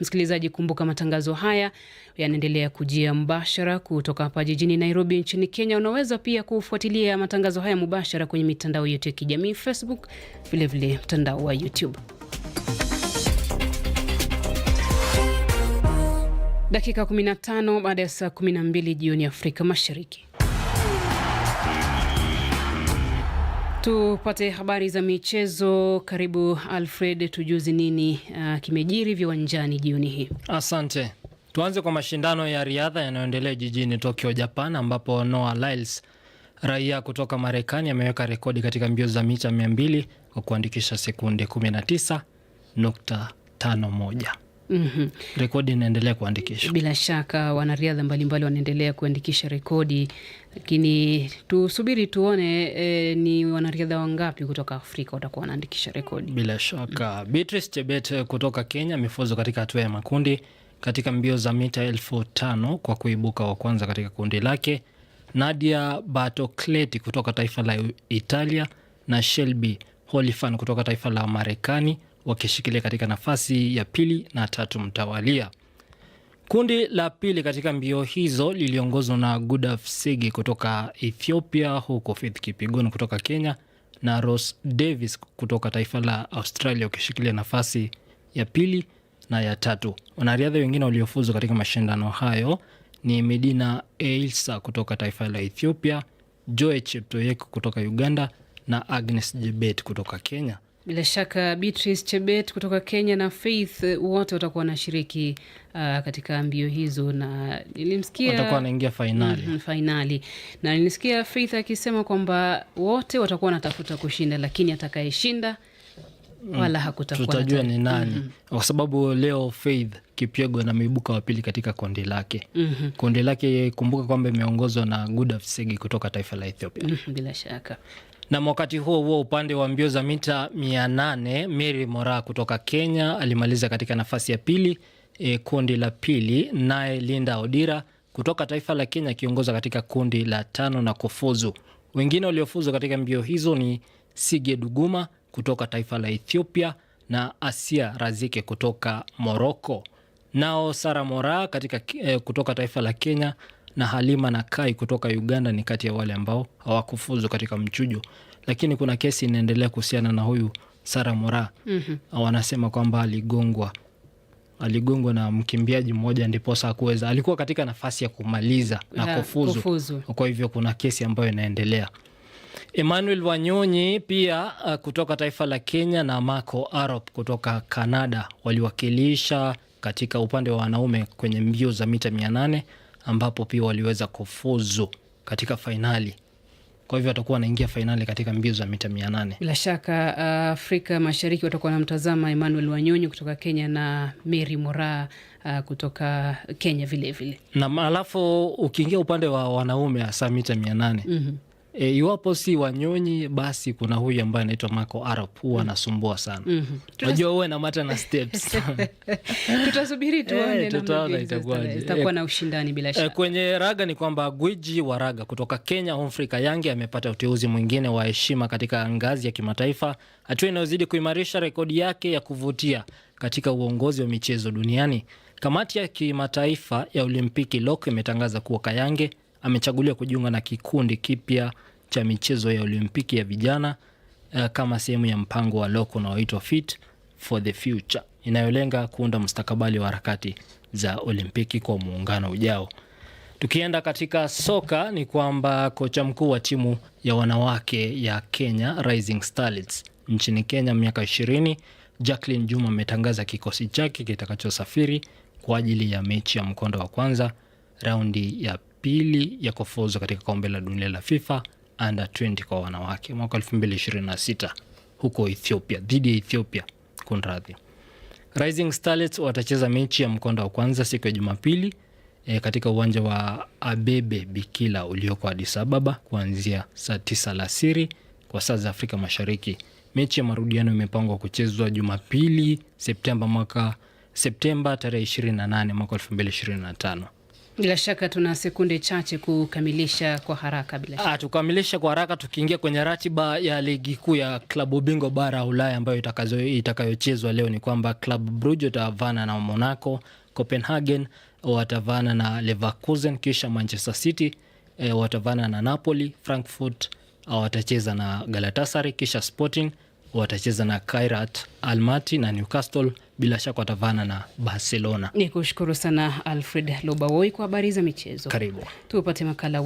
Msikilizaji, kumbuka matangazo haya yanaendelea kujia mbashara kutoka hapa jijini Nairobi nchini Kenya. Unaweza pia kufuatilia matangazo haya mubashara kwenye mitandao yetu ya kijamii Facebook, vilevile mtandao wa YouTube. Dakika 15 baada ya saa 12 jioni Afrika Mashariki. Tupate habari za michezo. Karibu Alfred, tujuzi nini uh, kimejiri viwanjani jioni hii? Asante. Tuanze kwa mashindano ya riadha yanayoendelea jijini Tokyo, Japan, ambapo Noah Lyles raia kutoka Marekani ameweka rekodi katika mbio za mita 200 kwa kuandikisha sekunde 19.51 mm -hmm. Rekodi inaendelea kuandikishwa, bila shaka wanariadha mbalimbali wanaendelea kuandikisha rekodi, lakini tusubiri tuone e, ni wanariadha wangapi kutoka Afrika watakuwa wanaandikisha rekodi. Bila shaka mm -hmm. Beatrice Chebet kutoka Kenya amefuzu katika hatua ya makundi katika mbio za mita elfu tano kwa kuibuka wa kwanza katika kundi lake. Nadia Batokleti kutoka taifa la Italia na Shelby Holifan kutoka taifa la Marekani wakishikilia katika nafasi ya pili na tatu mtawalia. Kundi la pili katika mbio hizo liliongozwa na Gudaf Sigi kutoka Ethiopia, huku Faith Kipyegon kutoka Kenya na Ross Davis kutoka taifa la Australia wakishikilia nafasi ya pili na ya tatu. Wanariadha wengine waliofuzu katika mashindano hayo ni Medina Eilsa kutoka taifa la Ethiopia, Joe Cheptoyek kutoka Uganda na Agnes Jebet kutoka Kenya. Bila shaka Beatrice Chebet kutoka Kenya na Faith wote watakuwa wanashiriki uh, katika mbio hizo, na nilimsikia watakuwa wanaingia fainali. Mm, mm-hmm, fainali na nilisikia Faith akisema kwamba wote watakuwa wanatafuta kushinda, lakini atakayeshinda mm, wala hakutakuwa tutajua ni nani mm -hmm. Kwa sababu leo Faith Kipyego na ameibuka wa pili katika kundi lake mm -hmm. Kundi lake kumbuka kwamba imeongozwa na Gudaf Segi kutoka taifa la Ethiopia mm -hmm. Bila shaka na wakati huo huo upande wa mbio za mita 800 Mary Moraa kutoka Kenya alimaliza katika nafasi ya pili e, kundi la pili, naye Linda Odira kutoka taifa la Kenya akiongoza katika kundi la tano na kufuzu. Wengine waliofuzu katika mbio hizo ni Sige Duguma kutoka taifa la Ethiopia na Asia Razike kutoka Moroko. Nao Sara Moraa katika, e, kutoka taifa la Kenya na Halima na Kai kutoka Uganda ni kati ya wale ambao hawakufuzu katika mchujo, lakini kuna kesi inaendelea kuhusiana na huyu Sara Mora. mm -hmm. Wanasema kwamba aligongwa aligongwa na mkimbiaji mmoja, ndiposa akuweza, alikuwa katika nafasi ya kumaliza na kufuzu, kufuzu. Kwa hivyo kuna kesi ambayo inaendelea. Emmanuel Wanyonyi pia uh, kutoka taifa la Kenya na Marco Arop kutoka Kanada waliwakilisha katika upande wa wanaume kwenye mbio za mita nane ambapo pia waliweza kufuzu katika fainali kwa hivyo watakuwa wanaingia fainali katika mbio za mita mia nane. Bila shaka uh, Afrika Mashariki watakuwa wanamtazama Emmanuel Wanyonyi kutoka Kenya na Mary Moraa uh, kutoka Kenya vilevile. nam alafu ukiingia upande wa wanaume hasa mita mia nane mm -hmm. E, iwapo si Wanyonyi basi kuna huyu ambaye anaitwa Marco Arap huwa anasumbua sana. Mhm. Unajua wewe na mata na steps. Tutasubiri eh, tuone tutaona itakuwaje. E, itakuwa na ushindani bila e, shaka. Kwenye raga ni kwamba gwiji wa raga kutoka Kenya Humphrey Kayange amepata uteuzi mwingine wa heshima katika ngazi ya kimataifa, hatua inayozidi kuimarisha rekodi yake ya kuvutia katika uongozi wa michezo duniani. Kamati ya kimataifa ya Olimpiki LOK imetangaza kuwa Kayange amechaguliwa kujiunga na kikundi kipya cha michezo ya Olimpiki ya vijana uh, kama sehemu ya mpango wa loko unaoitwa Fit for the Future inayolenga kuunda mustakabali wa harakati za Olimpiki kwa muungano ujao. Tukienda katika soka ni kwamba kocha mkuu wa timu ya wanawake ya Kenya Rising Starlets nchini Kenya miaka 20 Jacqueline Juma ametangaza kikosi chake kitakachosafiri kwa ajili ya mechi ya mkondo wa kwanza raundi ya pili ya kufuzu katika kombe la dunia la FIFA under 20 kwa wanawake mwaka 2026 huko Ethiopia dhidi ya Ethiopia. Kunradhi, Rising Starlets watacheza mechi ya mkondo wa kwanza siku ya Jumapili e, katika uwanja wa Abebe Bikila ulioko Addis Ababa kuanzia saa 9 alasiri kwa saa za Afrika Mashariki. Mechi ya marudiano imepangwa kuchezwa Jumapili Septemba mwaka Septemba tarehe 28 mwaka 2025. Bila shaka tuna sekunde chache kukamilisha kwa haraka, bila ah, shaka tukamilisha kwa haraka, tukiingia kwenye ratiba ya ligi kuu ya klabu bingwa bara Ulaya ambayo itakayochezwa leo ni kwamba Club Brugge watavana na Monaco, Copenhagen watavana na Leverkusen, kisha Manchester City e, watavana na Napoli, Frankfurt ah, watacheza na Galatasaray, kisha Sporting watacheza na Kairat Almaty na Newcastle bila shaka watavana na Barcelona. Ni kushukuru sana Alfred Lobawoi kwa habari za michezo. Karibu tupate makala